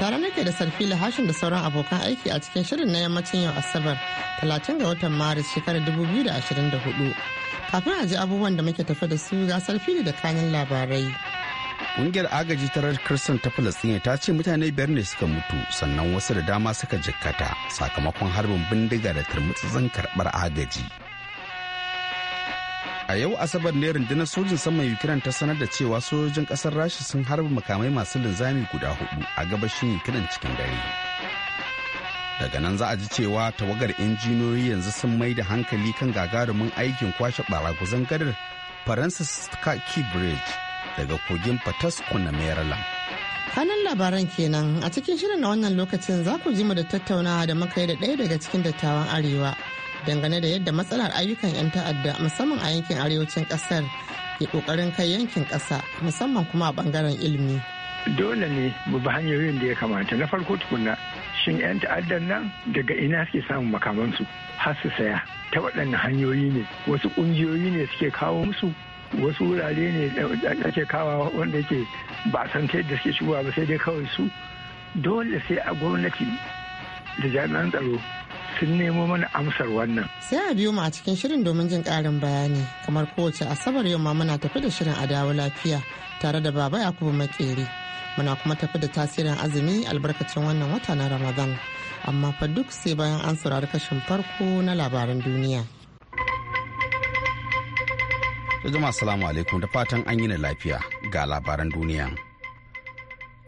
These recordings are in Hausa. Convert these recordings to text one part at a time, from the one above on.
tare nake da sarfila hashin da sauran abokan aiki a cikin shirin na yammacin yau asabar 30 ga watan maris shekarar 2024 kafin a ji abubuwan da muke tafi da su ga sarfili da kanin labarai Ƙungiyar agaji ta Red Crescent ta Falasɗina ta ce mutane biyar ne suka mutu sannan wasu da dama suka jikkata sakamakon harbin bindiga da turmutsutsun karɓar agaji. a yau asabar ne rundunar sojin saman ukraine ta sanar da cewa sojojin ƙasar rasha sun harba makamai masu linzami guda hudu a gabashin ukraine cikin dare daga nan za a ji cewa tawagar injiniyoyi yanzu sun mai da hankali kan gagarumin aikin kwashe baraguzan gadar faransa key bridge daga kogin patasco na maryland kanan labaran kenan a cikin shirin na wannan lokacin za ku ji mu da tattauna da muka yi da ɗaya daga cikin dattawan arewa dangane da yadda matsalar ayyukan 'yan ta'adda musamman a yankin arewacin kasar ke kokarin kai yankin kasa musamman kuma a bangaren ilimi. dole ne mu bi hanyoyin da ya kamata na farko tukuna shin 'yan ta'addan nan daga ina suke samun makamansu har su saya ta waɗannan hanyoyi ne wasu ƙungiyoyi ne suke kawo musu wasu wurare ne da ake kawo wanda yake ba san ta yadda suke shigowa ba sai dai kawai su dole sai a gwamnati da jami'an tsaro sun nemo mana amsar wannan. Sai a biyo mu a cikin shirin domin jin ƙarin bayani kamar kowace asabar yamma muna tafi da shirin a lafiya tare da baba Yakubu Makeri. Muna kuma tafi da tasirin azumi albarkacin wannan wata na Ramadan. Amma fa duk sai bayan an saurari kashin farko na labaran duniya. Jama'a salamu alaikum da fatan an yi lafiya ga labaran duniya.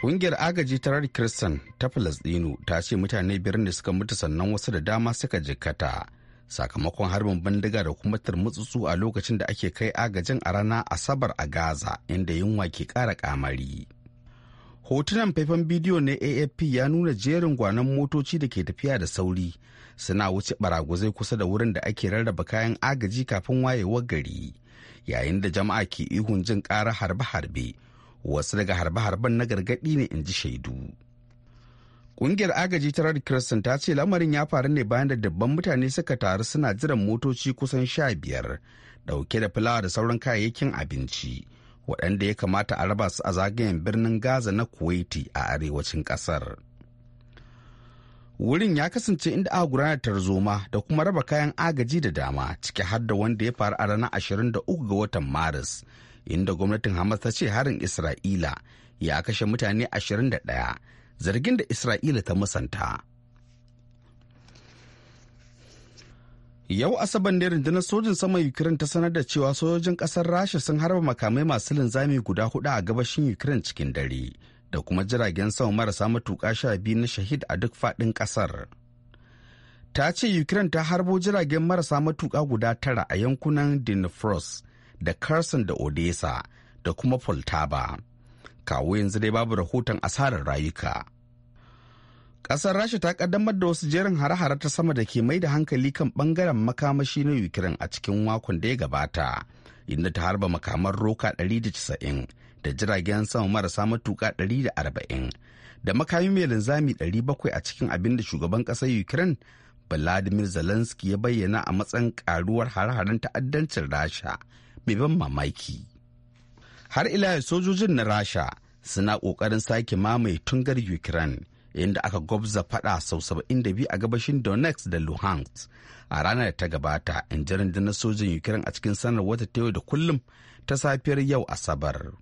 Ƙungiyar agaji ta Red Christian ta Falasɗinu ta ce mutane biyar ne suka mutu sannan wasu da dama suka jikkata sakamakon harbin bindiga da kuma turmutsutsu a lokacin da ake kai agajin a rana Asabar a Gaza inda yunwa ke ƙara ƙamari. Hotunan faifan bidiyo na AFP ya nuna jerin gwanon motoci da ke tafiya da sauri suna wuce ɓaraguzai kusa da wurin da ake rarraba kayan agaji kafin wayewar gari yayin da jama'a ke ihun jin ƙara harbe-harbe. wasu daga harbe-harben na gargaɗi ne in ji shaidu Ƙungiyar agaji ta Red Crescent ta ce lamarin ya faru ne bayan da dabban mutane suka taru suna jiran motoci kusan sha biyar ɗauke da fulawa da sauran kayayyakin abinci waɗanda ya kamata a raba su a zagayen birnin Gaza na Kuwaiti a arewacin ƙasar. Wurin ya kasance inda aka gudanar tarzoma da kuma raba kayan agaji da dama ciki har da wanda ya faru a ranar 23 ga watan Maris inda gwamnatin Hamas ta ce harin Isra'ila ya kashe mutane 21 zargin da Isra'ila ta musanta. Yau Asabar ne rundunar sojin sama Ukraine ta sanar da cewa sojojin ƙasar Rasha sun harba makamai masu linzami guda hudu a gabashin Ukraine cikin dare da kuma jiragen sama marasa matuƙa sha biyu na shahid a duk faɗin ƙasar. Ta ce Ukraine ta harbo jiragen marasa matuƙa guda tara a yankunan Dnipros da Carson da Odessa da kuma Poltava. Kawo yanzu dai babu rahoton asarar rayuka. Ƙasar Rasha ta kaddamar da wasu jerin hare-hare ta sama da ke mai da hankali kan bangaren makamashi na Ukraine a cikin wakon da ya gabata, inda ta harba makaman roka 190 da jiragen sama marasa matuka 140 da makami mai linzami 700 a cikin abin da shugaban ƙasar Ukraine Vladimir Zelensky ya bayyana a matsayin karuwar hare-haren ta'addancin Rasha mai ban mamaki har ila sojojin na rasha suna ƙoƙarin sake mamaye tungar ukraine inda aka gwabza fada sau biyu a gabashin donetsk da luhansk a ranar ta gabata in ji na sojin ukraine a cikin sanar wata ta yau da kullum ta safiyar yau asabar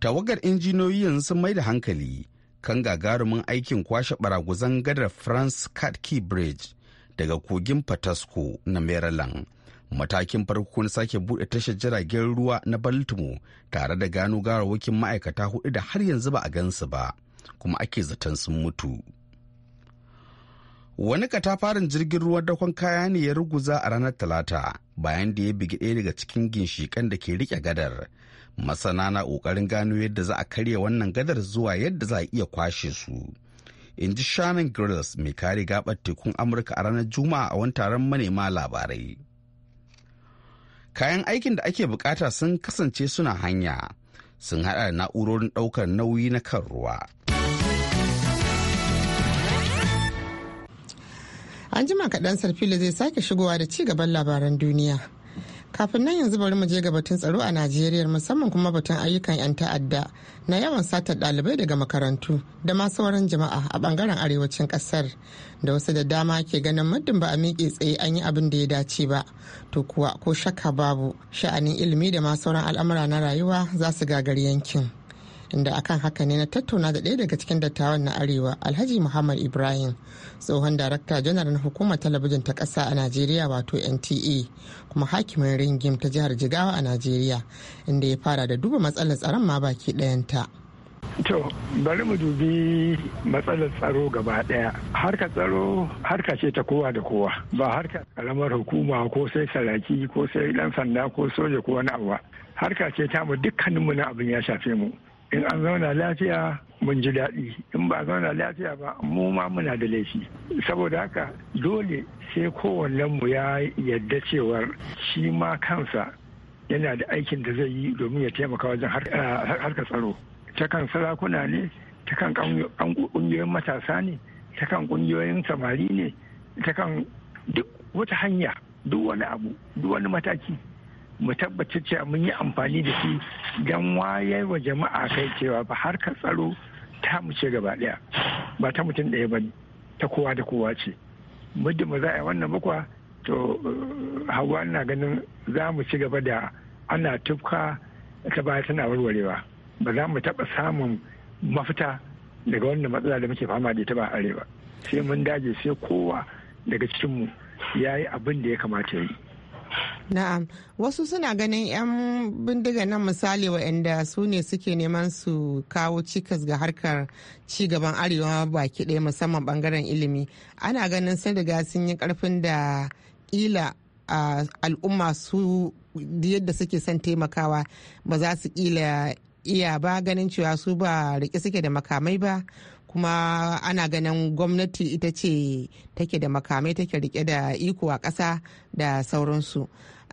tawagar injiniyoyin sun mai da hankali kan gagarumin aikin kwashe baraguzan gadar france katki bridge daga kogin patasco na maryland matakin farko na sake bude tashar jiragen ruwa na baltimore tare da gano gawarwakin ma'aikata hudu da har yanzu ba a gansu ba kuma ake zaton sun mutu wani katafarin jirgin ruwan dakon kaya ne ya ruguza a ranar talata bayan da ya bigi ɗaya daga cikin ginshikan da ke rike gadar masana na ƙoƙarin gano yadda za a karya wannan gadar zuwa yadda za a iya kwashe su in ji shannon grills mai kare gabar tekun amurka a ranar juma'a a wani taron manema labarai kayan aikin da ake bukata sun kasance suna hanya sun hada da na'urorin daukar nauyi na kan ruwa an jima kaɗan sarfila zai sake shigowa da ci gaban labaran duniya kafin nan yanzu bari mu je ga batun tsaro a najeriya musamman kuma batun ayyukan 'yan ta'adda na yawan satar ɗalibai daga makarantu da ma sauran jama'a a bangaren arewacin ƙasar da wasu da dama ke ganin muddin ba a miƙe tsaye an yi abin da ya dace ba to kuwa ko shakka babu sha'anin ilimi da ma sauran al'amura na rayuwa za su gagari yankin inda akan haka ne na tattauna da ɗaya daga cikin dattawan na arewa alhaji muhammad ibrahim tsohon darakta janar na hukumar talabijin ta ƙasa a najeriya wato nta kuma hakimin ringim ta jihar jigawa a najeriya inda ya fara da duba matsalar tsaron ma baki ɗayanta To, bari mu dubi matsalar tsaro gaba ɗaya. Harka tsaro harka ce ta kowa da kowa, ba harka karamar hukuma ko sai saraki ko sai ɗan sanda ko soja ko wani abu. Harka ce ta mu dukkaninmu na abin ya shafe mu. in an zauna lafiya mun ji daɗi in ba zauna lafiya ba mu ma muna da laifi saboda haka dole sai mu ya yadda cewar shi ma kansa yana da aikin da zai yi domin ya taimaka wajen ah, harkar tsaro ta kan sarakuna ne ta kan ƙungiyoyin matasa ne ta kan ƙungiyoyin samari ne ta kan duk wata hanya duk wani abu duk wani mataki mu tabbatar cewa mun yi amfani da shi don wayar wa jama'a kai cewa ba harkar tsaro ta mu ce gaba daya ba ta mutum ɗaya ba ta kowa da kowa ce muddin mu za a yi wannan bakwa to eh, hawa na ganin za mu ci gaba da ana tufka ta baya tana warwarewa ba za mu taɓa samun mafita daga wannan matsala da muke fama da ita ba arewa sai mun dage sai kowa daga cikinmu ya yi abin da ya kamata ya yi Na'am, wasu suna ganin 'yan bindiga nan misali waɗanda su ne suke neman su kawo cikas ga harkar cigaban gaban arewa baki ɗaya musamman bangaren ilimi. Ana ganin sun riga sun yi karfin da ƙila al'umma su yadda suke son taimakawa ba za su ƙila iya ba ganin cewa su ba rike suke da makamai ba kuma ana ganin gwamnati ita ce take da makamai take rike da iko a ƙasa da sauransu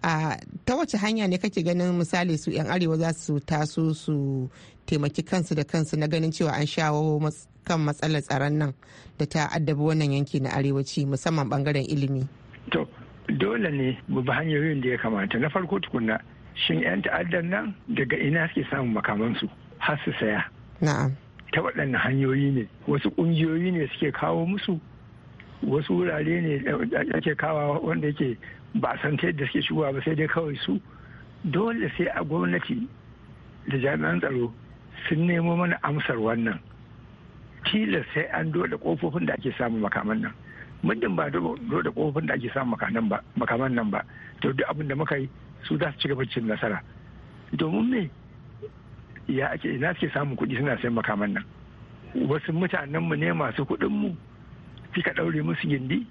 a ta wace hanya ne kake ganin misali su 'yan arewa za su taso su taimaki kansu da kansu na ganin cewa an shawo kan matsalar tsaron nan da ta addabi wannan yanki na arewaci musamman bangaren ilimi to dole ne mu hanyoyin da ya kamata na farko tukunna shin 'yan ta'addar nan daga ina suke samun makamansu har su saya ta waɗannan hanyoyi ne wasu ƙungiyoyi ne suke kawo musu wasu wurare ne ake kawo wanda yake ba san ta yadda suke shigowa ba sai dai kawai su dole sai a gwamnati da jami'an tsaro sun nemo mana amsar wannan tilas sai an dole kofofin da ake samun makaman nan muddin ba dole kofofin da ake samun makaman nan ba to duk abin da muka yi su za su ci gaba cin nasara domin me ya ake ina suke samun kuɗi suna sayan makaman nan wasu mutanen mu ne masu kuɗin mu suka ɗaure musu gindi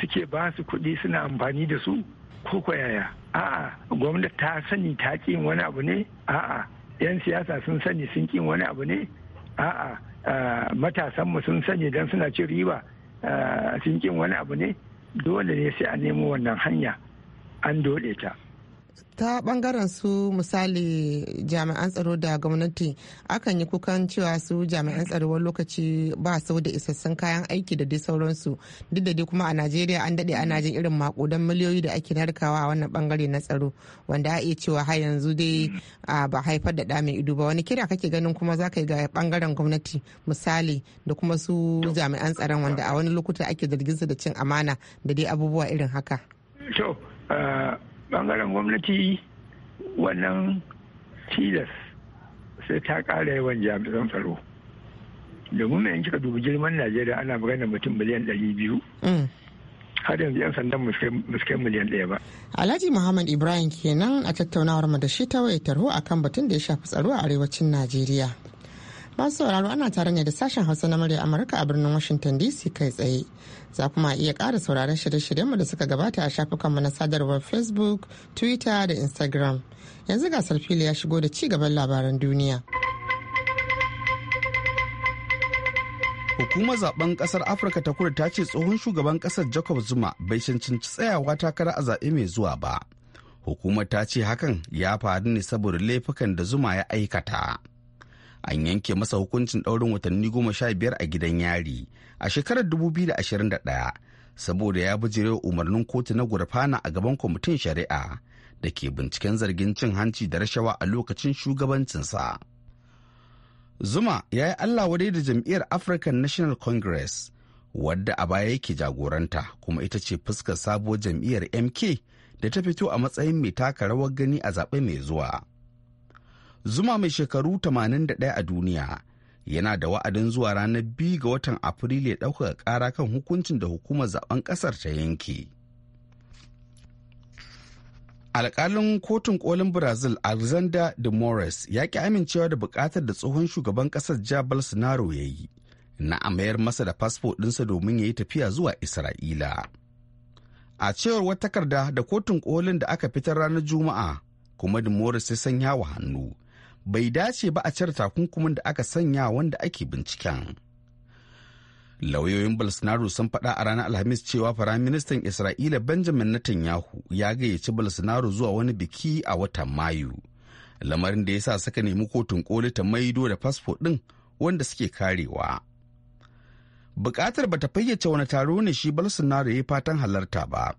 suke ba su kuɗi suna amfani da su ko ko a'a gwamnati ta sani ta ƙin wani abu ne a'a yan siyasa sun sani sun ƙin wani abu ne a'a ah, matasan mu sun sani dan suna cin riba ah, sun ƙin wani abu ne dole ne sai a nemo wannan hanya an dole ta ta bangaren su misali jami'an tsaro da gwamnati akan yi kukan cewa su jami'an tsaro wani lokaci ba sau da isassun kayan aiki da dai sauransu duk da dai kuma a najeriya an daɗe ana jin irin makudan miliyoyi da ake narkawa a wannan bangare na tsaro wanda a iya cewa har yanzu dai ba haifar da ɗa mai ido ba wani kira kake ganin kuma za ka yi ga bangaren gwamnati misali da kuma su jami'an tsaron wanda a wani lokuta ake zargin su da cin amana da dai abubuwa irin haka. bangaren gwamnati wannan tilas sai ta ƙara yawan jami'an tsaro domin mai kika dubi girman najeriya ana magana mutum miliyan ɗari biyu mm. har yanzu 'yan sandan muskai miliyan ɗaya ba. Alhaji Muhammad Ibrahim kenan a tattaunawar mu da shi ta wayar tarho akan batun da ya shafi tsaro a arewacin Najeriya. masu sauraro ana tare ne da sashen hausa na murya amurka a birnin washington dc kai tsaye za kuma iya ƙara sauraron shirye-shiryenmu da suka gabata a shafukanmu na sadarwar facebook twitter da instagram yanzu ga sarfili ya shigo da ci gaban labaran duniya hukumar zaben kasar afirka ta kudu ta ce tsohon shugaban kasar jacob zuma bai cancanci tsayawa takara a zaɓe mai zuwa ba hukumar ta ce hakan ya faru ne saboda laifukan da zuma ya aikata. an yanke masa hukuncin ɗaurin watanni goma sha biyar a gidan yari a shekarar 2021 saboda ya bijire umarnin kotu na gurfana a gaban kwamitin shari'a da ke binciken zargin cin hanci da rashawa a lokacin shugabancinsa. Zuma ya yi Allah wadai da jam'iyyar African National Congress wadda a baya yake jagoranta kuma ita ce fuskar sabuwar jam'iyyar MK da ta fito a matsayin mai taka rawar gani a zaɓe mai zuwa. Zuma mai shekaru 81 a duniya yana da wa'adin zuwa ranar biyu ga watan Afrilu ya ɗaukaka ƙara kan hukuncin da hukumar zaben ƙasar ta yanke. Alƙalin kotun kolin Brazil Alexander de Morris ya ki amincewa da buƙatar da tsohon shugaban ƙasar Jabal Sinaro ya yi na a mayar masa da fasfo ɗinsa domin ya yi tafiya zuwa Isra'ila. A cewar wata takarda da kotun kolin da aka fitar ranar Juma'a kuma de Morris ya sanya wa hannu. bai dace ba a cire takunkumin da aka sanya wanda ake binciken. Lauyoyin Bolsonaro sun faɗa a ranar Alhamis cewa Firaministan Isra'ila Benjamin Netanyahu ya gayyaci Bolsonaro zuwa wani biki a watan Mayu. Lamarin da ya sa suka nemi kotun koli ta maido da fasfo ɗin wanda suke karewa. Bukatar ta fayyace wani taro ne shi Bolsonaro ya yi fatan halarta ba.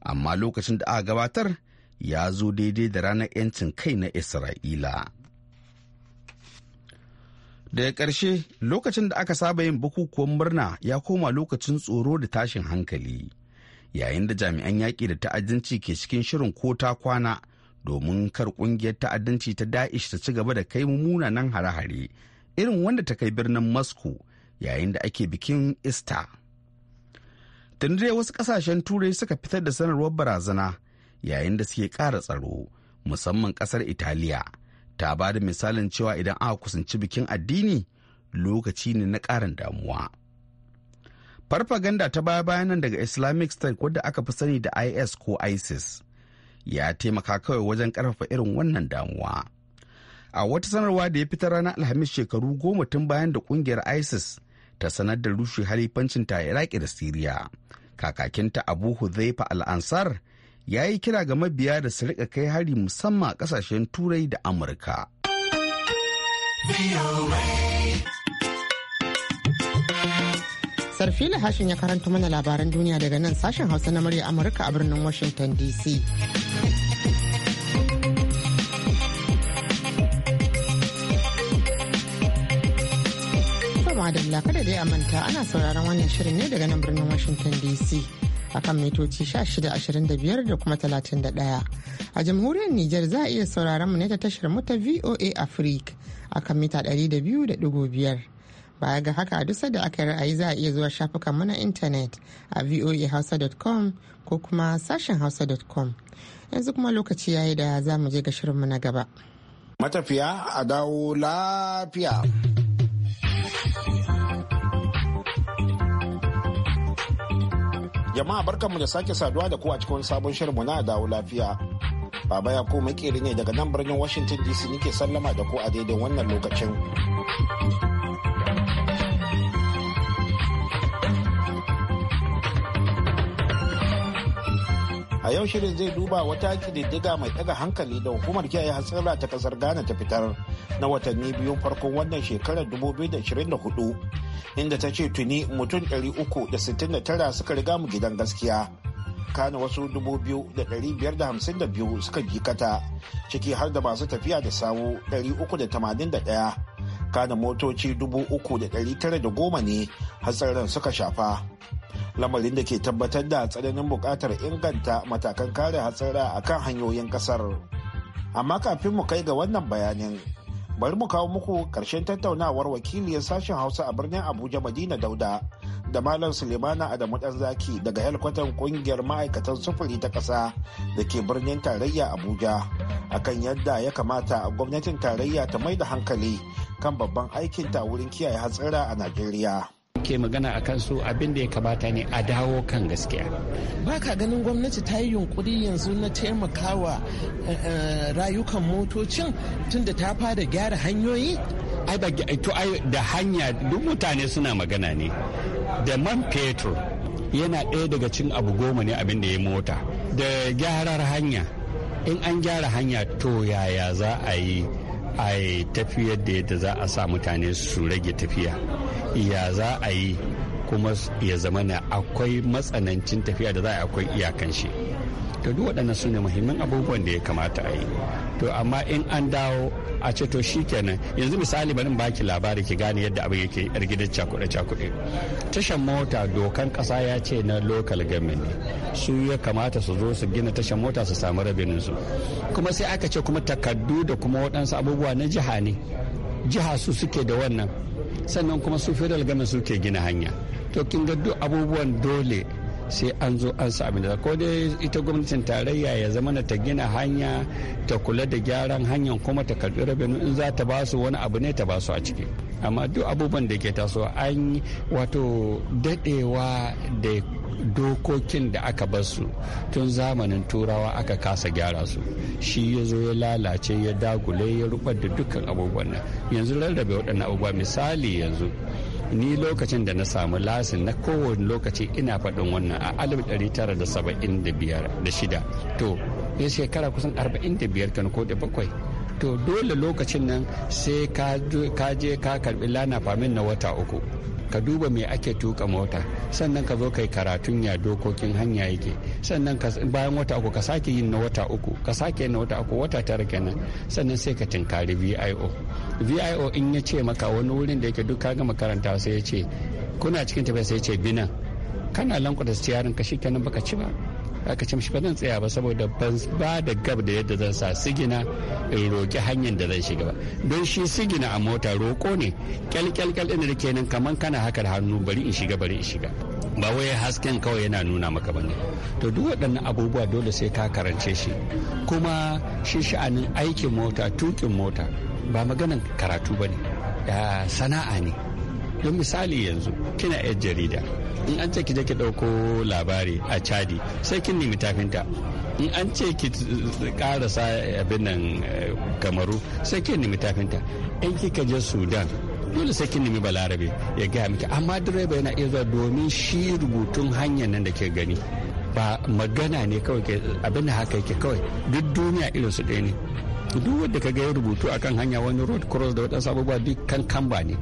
Amma lokacin da aka gabatar ya zo daidai da ranar 'yancin kai na Isra'ila. daga ƙarshe lokacin da aka saba yin bukukuwan murna ya koma lokacin tsoro da tashin hankali yayin da jami'an yaƙi da ta'addanci ke cikin shirin ko ta kwana domin kar ƙungiyar ta'addanci ta da'ish ta ci gaba da kai munanan hare-hare irin wanda ta kai birnin moscow yayin da ake bikin easter dai wasu kasashen turai suka fitar da sanarwar barazana yayin da suke ƙara tsaro musamman ƙasar italiya ta ba da misalin cewa idan aka kusanci bikin addini lokaci ne na ƙarin damuwa. Farfaganda ta baya bayan nan daga Islamic State wadda aka fi sani da IS ko ISIS ya taimaka kawai wajen ƙarfafa irin wannan damuwa. A wata sanarwa da ya fita ranar Alhamis shekaru goma tun bayan da ƙungiyar ISIS ta sanar da rushe halifancin ta Iraki da Siriya. Kakakinta Abu Hudhaifa Al-Ansar ya yi kira ga mabiya da su rika kai hari musamman a kasashen turai da amurka sarfila hashin ya karanta mana labaran duniya daga nan sashen hausa na murya amurka a birnin washington dc madalla kada dai a manta ana sauraron wannan shirin ne daga nan birnin washington dc akan mitoci 1625 da kuma 31. A jamhuriyar Nijar za a iya sauraron mu ne ta tashar mota VOA Africa akan mita 200.5. Baya ga haka a duk da aka ra'ayi za a iya zuwa shafukan mu na intanet a voahausa.com ko kuma sashen hausa.com. Yanzu kuma lokaci yayi da za mu je ga mu na gaba. Matafiya a dawo lafiya. Jama'a barkanmu da sake saduwa da ku a cikin sabon shirin shirinmu na dawo lafiya. Baba ya ko makeri ne daga nan birnin Washington DC nike sallama da ku a daidai wannan lokacin. a yau shirin zai duba wata kididdiga mai daga hankali da hukumar kiyaye hatsara ta kasar ghana ta fitar na watanni biyu farkon wannan shekarar 2024 inda ta ce tuni mutum 369 suka riga mu gidan gaskiya kana wasu 2,552 suka jikata ciki har da masu tafiya da sawu 381 kana motoci 3,910 ne hatsarin suka shafa lamarin da ke tabbatar da tsananin buƙatar inganta matakan kare hatsara a kan hanyoyin ƙasar amma kafin mu kai ga wannan bayanin bari mu kawo muku ƙarshen tattaunawar wakiliyar sashen hausa a birnin abuja madina dauda da malam sulemana adamu dan zaki daga helkwatan ƙungiyar ma'aikatan sufuri ta ƙasa da ke birnin tarayya abuja akan yadda ya kamata gwamnatin tarayya ta mai da hankali kan babban aikinta wurin kiyaye hatsara a najeriya muke magana a kansu abin da ya kamata ne a dawo kan gaskiya ba ka ganin gwamnati ta yi yunkuri yanzu na taimakawa eh, eh, rayukan motocin tunda ta fara gyara hanyoyi ai ba to ai da hanya duk mutane suna magana ne da man fetur yana ɗaya daga cin abu goma ne abin da ya mota da gyarar hanya in an gyara hanya to yaya za a yi a tafiyar da yadda za a sa mutane su rage tafiya ya za a yi kuma ya zama na akwai matsanancin tafiya da za a akwai iyakan shi to duk waɗannan su ne muhimman abubuwan da ya kamata a yi to amma in an dawo a ce to shi kenan yanzu misali bari baki labari ki gane yadda abin yake yar gidan cakuɗe cakuɗe tashan mota dokan ƙasa ya ce na local government su ya kamata su zo su gina tashan mota su samu rabinin su kuma sai aka ce kuma takardu da kuma waɗansu abubuwa na jiha ne jiha su suke da wannan sannan kuma su federal government suke gina hanya to kin ga duk abubuwan dole sai an zo an sami da ko dai ita gwamnatin tarayya ya zama na ta gina hanya ta kula da gyaran hanyar kuma ta karbi rabinu in za ta su wani abu ne ta ba su a ciki amma duk abubuwan da ke tasowa an wato dadewa da dokokin da aka basu tun zamanin turawa aka kasa gyara su shi ya zo ya lalace ya dagule ya rubar da dukkan abubuwan nan yanzu rarrabe waɗannan abubuwa misali yanzu ni lokacin da na samu lasin na kowane lokaci ina faɗin wannan a tara da shida to ya shekara kusan 45 kan ko da bakwai to dole lokacin nan sai ka je ka karbi lana famin na wata uku ka duba me ake tuka mota sannan ka zo kai karatun ya dokokin hanya yake sannan bayan wata uku ka sake yin na wata uku ka sake na wata uku wata tara kenan sannan sai ka tinkari vio vio in ya ce maka wani wurin da yake duk ka gama karanta sai ya ce kuna cikin tafiya sai ya ce binan kana lankwata siyarin ka kenan baka ci ba aka ce mishi ba zan tsaya ba saboda ban ba da gab da yadda zan sa sigina in roƙi hanyar da zan shiga ba don shi sigina a mota roko ne kyalkyalkyal ɗin da kenan kamar kana haka da hannu bari in shiga bari in shiga ba wai hasken kawai yana nuna maka ba ne to duk waɗannan abubuwa dole sai ka karance shi kuma shi sha'anin aikin mota tukin mota ba maganan karatu ba ne sana'a ne don misali yanzu kina yan jarida in an ce ki je ki dauko labari a chadi sai kin nemi tafinta in an ce ki karasa abin nan eh, kamaru sai kin nemi tafinta in kika je sudan dole sai kin nemi balarabe ya gaya miki amma direba yana iya zuwa domin shi rubutun hanyar nan da ke gani ba magana ne kawai abin da haka yake kawai duk duniya irin su ɗaya ne duk wanda ka ga rubutu akan hanya wani road cross da waɗansu abubuwa duk kan kamba ne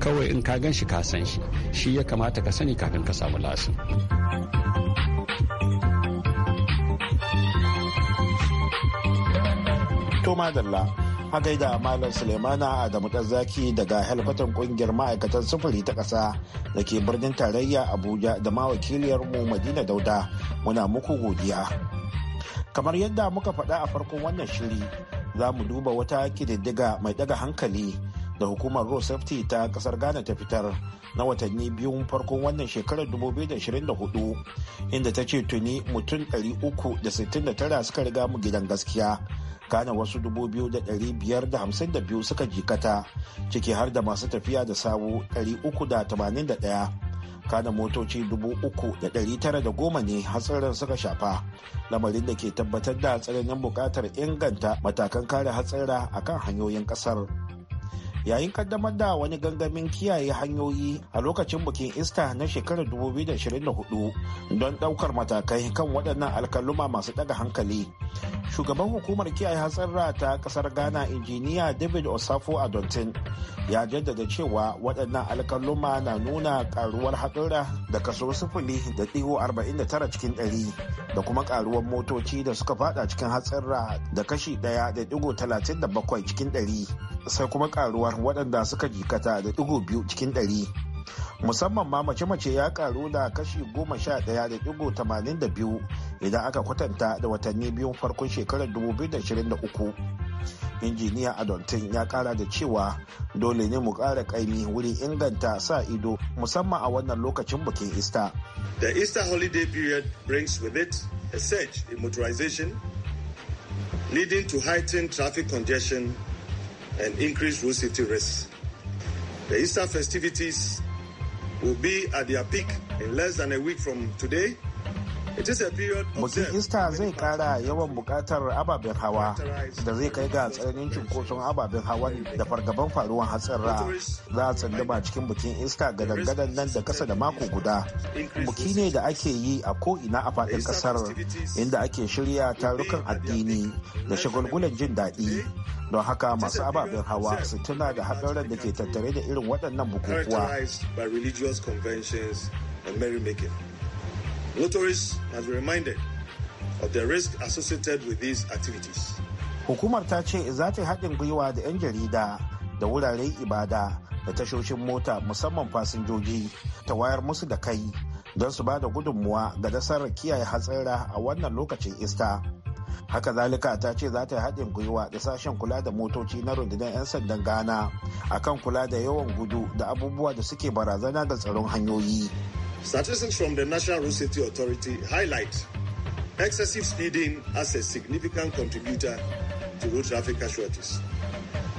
kawai in ka gan shi ka san shi shi ya kamata ka sani kafin ka samu lasin to madalla a gaida malam sulemana adamu zaki daga helfatan kungiyar ma'aikatan sufuri ta ƙasa da ke birnin tarayya abuja da ma mu madina dauda muna muku godiya kamar yadda muka faɗa a farkon wannan shiri za mu duba wata kididdiga mai ɗaga hankali da hukumar road safety ta kasar ghana ta fitar na watanni biyu farkon wannan shekarar 2024 inda ta ce tuni mutum 369 suka riga mu gidan gaskiya kana wasu 2,552 suka jikata ciki har da masu tafiya da sawu 381 kana motoci 3,910 ne hatsarin suka shafa lamarin da ke tabbatar da tsananin bukatar inganta matakan kare hatsara a kan hanyoyin kasar yayin kaddamar da wani gangamin kiyaye hanyoyi a lokacin bikin ista na shekarar 2024 don daukar matakai kan waɗannan alkaluma masu ɗaga hankali shugaban hukumar kiyaye hatsarra ta kasar ghana injiniya david osafo adontin ya jaddada cewa waɗannan alkaluma na nuna karuwar haɗura da kaso sifili da ɗigo 49 cikin ɗari da kuma karuwar motoci da suka fada cikin hatsarra da kashi ɗaya da ɗigo 37 cikin ɗari sai kuma karuwar waɗanda suka jikata da ɗigo biyu cikin musamman ma mace-mace ya karu da kashi goma sha daya da digo tamanin da biyu idan aka kwatanta da watanni biyun farkon shekarar 2023 injiniya adontin ya kara da cewa dole ne mu kara kaimi wurin inganta sa ido musamman a wannan lokacin bukin easter the easter holiday period brings with it a surge in motorization leading to heightened traffic congestion and increased road safety risks the easter festivities will be at their peak in less than a week from today. Bukin Ista zai kara yawan bukatar ababen hawa da zai kai ga tsananin cunkoson ababen hawa da fargaban faruwar hatsarra za a tsandama cikin bukin Ista ga dangadan nan da kasa da mako guda. Buki ne da ake yi a ko'ina a faɗin ƙasar inda ake shirya tarukan addini da shagulgulan jin daɗi. Don haka masu ababen hawa su tuna da haɗarin da ke tattare da irin waɗannan bukukuwa. Motorists must be reminded of the risk associated with these activities. Hukumar ta ce za ta yi haɗin gwiwa da 'yan jarida da wuraren ibada da tashoshin mota musamman fasinjoji ta wayar musu da kai don su ba da gudunmuwa ga nasarar kiyaye hatsara a wannan lokacin ista. haka zalika ta ce za ta yi haɗin gwiwa da sashen kula da motoci na rundunar 'yan sandan ghana akan kula da yawan gudu da abubuwa da suke barazana ga tsaron hanyoyi Statistics from the National Road Safety Authority highlight excessive speeding as a significant contributor to road traffic casualties.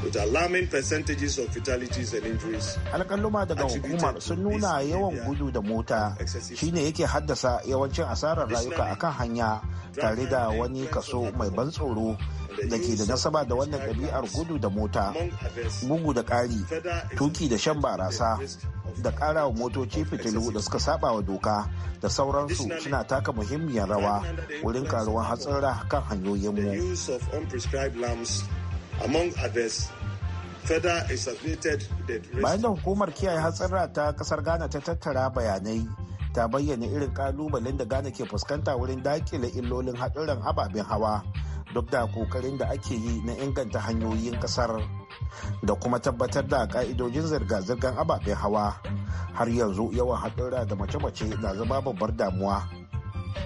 with alarming percentages of fatalities and injuries. Alƙalluma daga hukumar sun nuna yawan gudu da mota shine yake haddasa yawancin asarar rayuka akan hanya tare da wani kaso mai ban tsoro da ke da nasaba da wannan ɗabi'ar gudu da mota, bugu da ƙari, tuki da shan barasa, da ƙara wa motoci fitilu da suka saba wa doka da sauransu suna taka muhimmiyar rawa wurin karuwan hatsara kan hanyoyinmu. among others further exacerbated the bayan da hukumar kiyaye hatsarra ta kasar ghana ta tattara bayanai ta bayyana irin kalubalen da ghana ke fuskanta wurin dakile illolin haɗurran ababen hawa duk da kokarin da ake yi na inganta hanyoyin kasar da kuma tabbatar da ka'idojin zirga-zirgar ababen hawa har yanzu yawan haɗura da mace-mace na zama babbar damuwa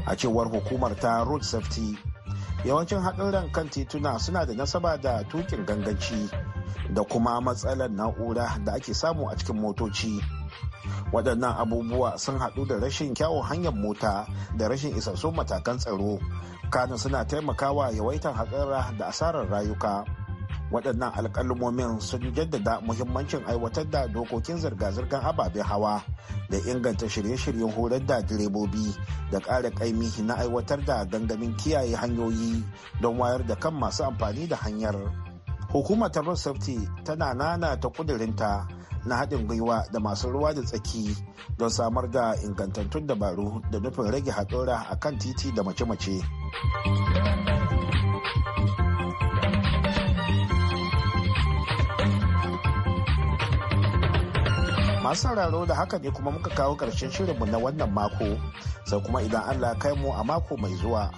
a cewar hukumar ta road safety yawancin haɗin kan tituna suna da nasaba da tukin ganganci da kuma matsalar na'ura da ake samu a cikin motoci waɗannan abubuwa sun haɗu da rashin kyawun hanyar mota da rashin isassun matakan tsaro Kano suna taimakawa yawaitan hatsara da asarar rayuka. waɗannan alƙalmomin sun jaddada muhimmancin aiwatar da dokokin zirga-zirgar ababen hawa da inganta shirye-shiryen horar da direbobi da ƙara ƙaimi na aiwatar da gangamin kiyaye hanyoyi don wayar da kan masu amfani da hanyar hukumar ta road safety tana nana ta kudurinta na haɗin gwiwa da masu ruwa da tsaki don samar da ingantattun dabaru da nufin rage haɗura a kan titi da mace-mace masu sauraro da haka ne kuma muka kawo ƙarshen shirinmu na wannan mako sai kuma idan allah kai mu a mako mai zuwa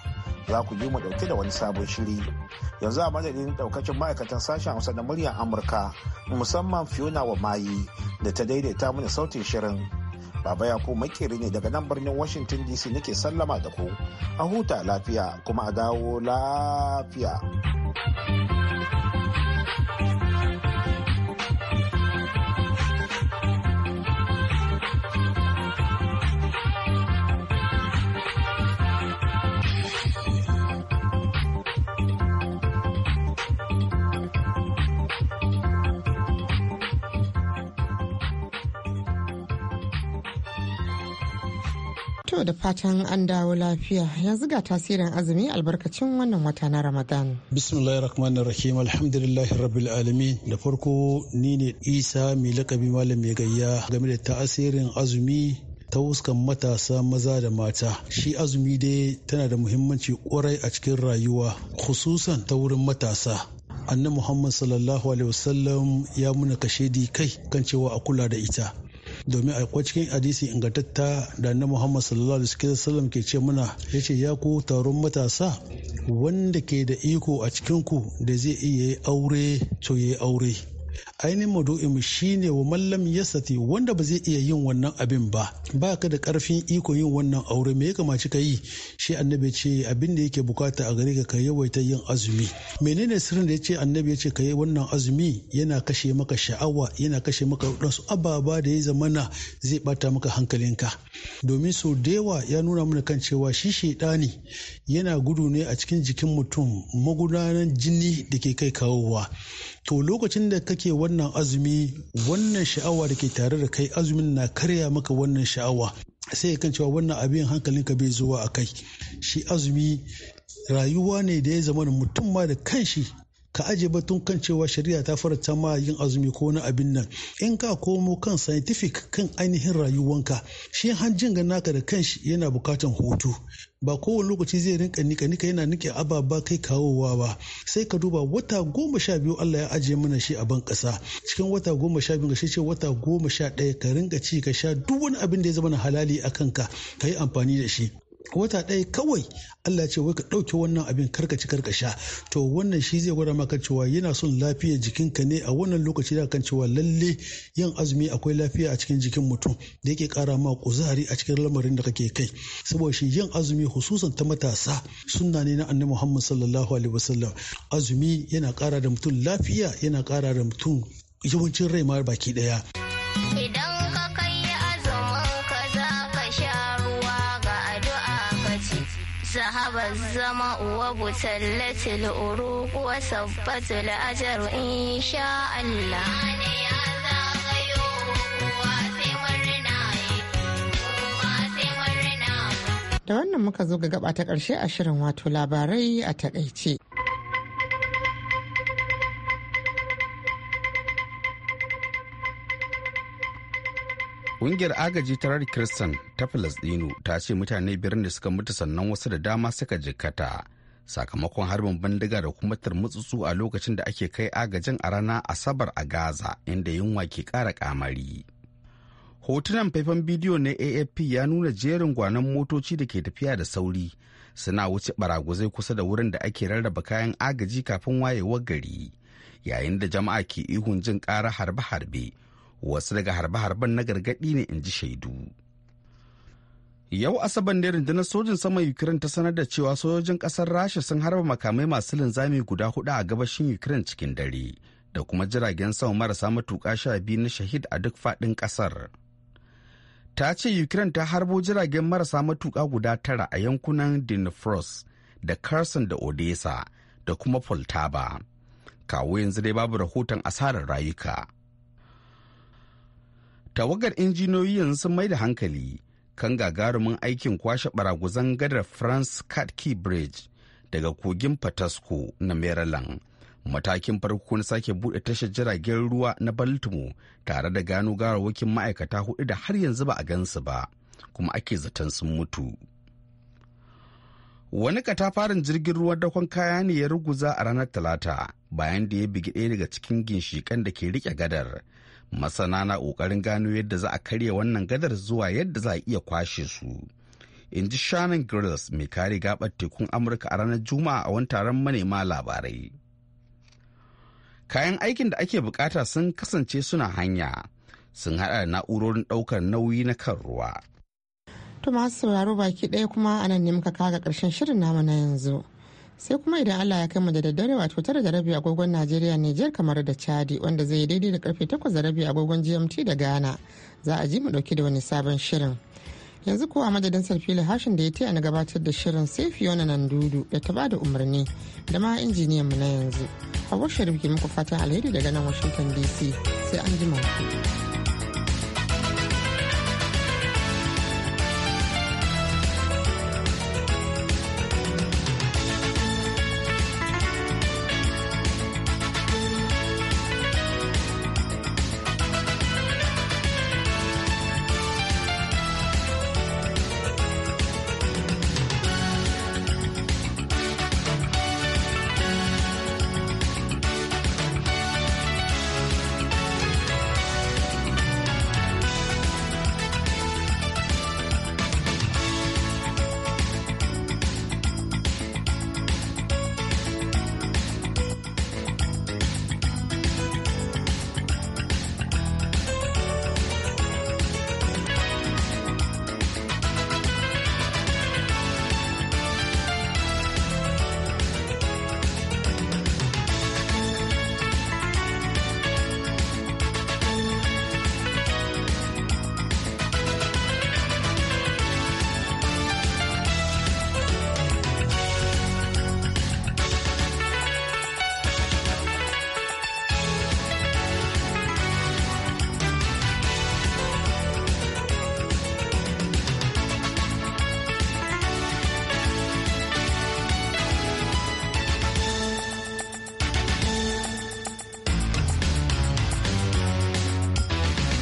za ku ji mu ɗauke da wani sabon shiri yanzu a madadin ɗaukacin ma'aikatan sashen hausa na muryar amurka musamman fiona wa mayi da ta daidaita mini sautin shirin baba ya yakubu makeri ne daga nan birnin washington dc nake sallama da ku a huta lafiya kuma a dawo lafiya To da fatan an dawo lafiya yanzu ga tasirin azumi albarkacin wannan wata na Ramadan. Bismillahir Rahmanir Rahim Alhamdulillahi Rabbil Alamin da farko ni ne Isa mai lakabi malam mai gayya game da tasirin azumi ta wuskan matasa maza da mata shi azumi dai tana da muhimmanci kwarai a cikin rayuwa khususan ta wurin matasa annabi muhammad sallallahu alaihi wasallam ya muna kashedi kai kan cewa a kula da ita domin a cikin hadisi ingantatta da na Muhammad sallallahu alaihi wasallam ke ce muna yace ya ku taron matasa wanda ke da iko a cikin ku da zai iya aure to yayi aure ainihin maudu'in shine wa mallam yasati wanda ba zai iya yin wannan abin ba ba ka da karfin iko yin wannan aure me ya kamaci ka yi shi annabi ce abin da yake bukata a gare ka ka yawaita yin azumi menene sirrin da ya ce annabi ya ce ka yi wannan azumi yana kashe maka sha'awa yana kashe maka wasu ababa da ya zamana zai bata maka hankalinka domin so da ya nuna mana kan cewa shi shaidani yana gudu ne a cikin jikin mutum magudanan jini da ke kai kawowa to lokacin da kake kake wannan azumi wannan sha'awa da ke tare da kai azumin na karya maka wannan sha'awa sai kan cewa wannan abin hankalinka bai zuwa a kai shi azumi rayuwa ne da ya zama mutum ma da kanshi ka aje batun kan cewa shari'a ta faranta ma yin azumi ko na abin nan in ka komo kan scientific kan ainihin rayuwanka shi hanjin ga naka da kanshi yana bukatan hutu ba kowane lokaci zai rinka nika nika yana nike ababa kai kawowa ba sai ka duba wata goma sha biyu Allah ya ajiye mana shi a ban kasa cikin wata goma sha biyu shi ce wata goma sha ɗaya ka rinka ci ka sha duk wani abin da ya zama halali a kanka ka yi amfani da shi wata ɗaya kawai Allah ce wai ka ɗauke wannan abin karkaci karkasha to wannan shi zai gwada maka cewa yana son lafiyar jikinka ne a wannan lokaci da kan cewa lalle yin azumi akwai lafiya a cikin jikin mutum da yake ƙara ma kuzari a cikin lamarin da kake kai saboda shi yin azumi hususan ta matasa sunna ne na annabi Muhammad sallallahu alaihi wasallam azumi yana ƙara da mutum lafiya yana ƙara da mutum yawancin rai ma baki ɗaya. zama uwa butallatil uruku wa sabbatul ajar insha Allah. Da wannan muka zo ga gaba ta ƙarshe a shirin wato labarai a taƙaice. Ƙungiyar agaji ta Red Christian ta Falasɗinu ta ce mutane biyar ne suka mutu sannan wasu da dama suka jikkata sakamakon harbin bindiga da kuma turmutsutsu a lokacin da ake kai agajin a rana Asabar a Gaza inda yunwa ke kara kamari Hotunan faifan bidiyo na AFP ya nuna jerin gwanon motoci da ke tafiya da sauri suna wuce baraguzai kusa da wurin da ake rarraba kayan agaji kafin wayewar gari yayin da jama'a ke ihun jin ƙara harbe-harbe. wasu daga harbe-harben na gargaɗi ne in ji shaidu yau asabar ne rundunar sojin sama ukraine ta sanar da cewa sojojin ƙasar rasha sun harba makamai masu linzami guda hudu a gabashin ukraine cikin dare da kuma jiragen sama marasa matuƙa sha biyu na shahid a duk faɗin ƙasar ta ce ukraine ta harbo jiragen marasa matuƙa guda tara a yankunan dnipros da kherson da odessa da kuma poltava kawo yanzu dai babu rahoton asarar rayuka tawagar injiniyoyi yanzu sun mai da hankali kan gagarumin aikin kwashe baraguzan gadar france katki bridge daga kogin patasco na maryland matakin farko na sake bude tashar jiragen ruwa na baltimore tare da gano gawarwakin ma'aikata hudu da har yanzu ba a gansu ba kuma ake zaton sun mutu wani katafarin jirgin ruwan dakon kaya ne ya ruguza a ranar talata bayan da ya bigi ɗaya daga cikin ginshiƙan da ke riƙe gadar masana na ƙoƙarin gano yadda za a karya wannan gadar zuwa yadda za a iya kwashe su in ji shannon grills mai kare gabar tekun amurka a ranar juma'a a wani taron manema labarai kayan aikin da ake bukata sun kasance suna hanya sun hada da na'urorin daukar nauyi na kan ruwa to masu sauraro baki daya kuma anan ne muka kaga karshen shirin namu na yanzu sai kuma idan allah ya kai mu da daddare wato tara da rabi agogon najeriya niger kamar da chadi wanda zai daidai da karfe takwas da rabi agogon gmt da ghana za a ji mu dauki da wani sabon shirin yanzu kuwa madadin sarfili hashin da ya taya na gabatar da shirin sai fiona nan dudu da ta bada umarni da ma injiniyan mu na yanzu hawa sharif ke muku fatan alheri daga nan washington dc sai an ji ku.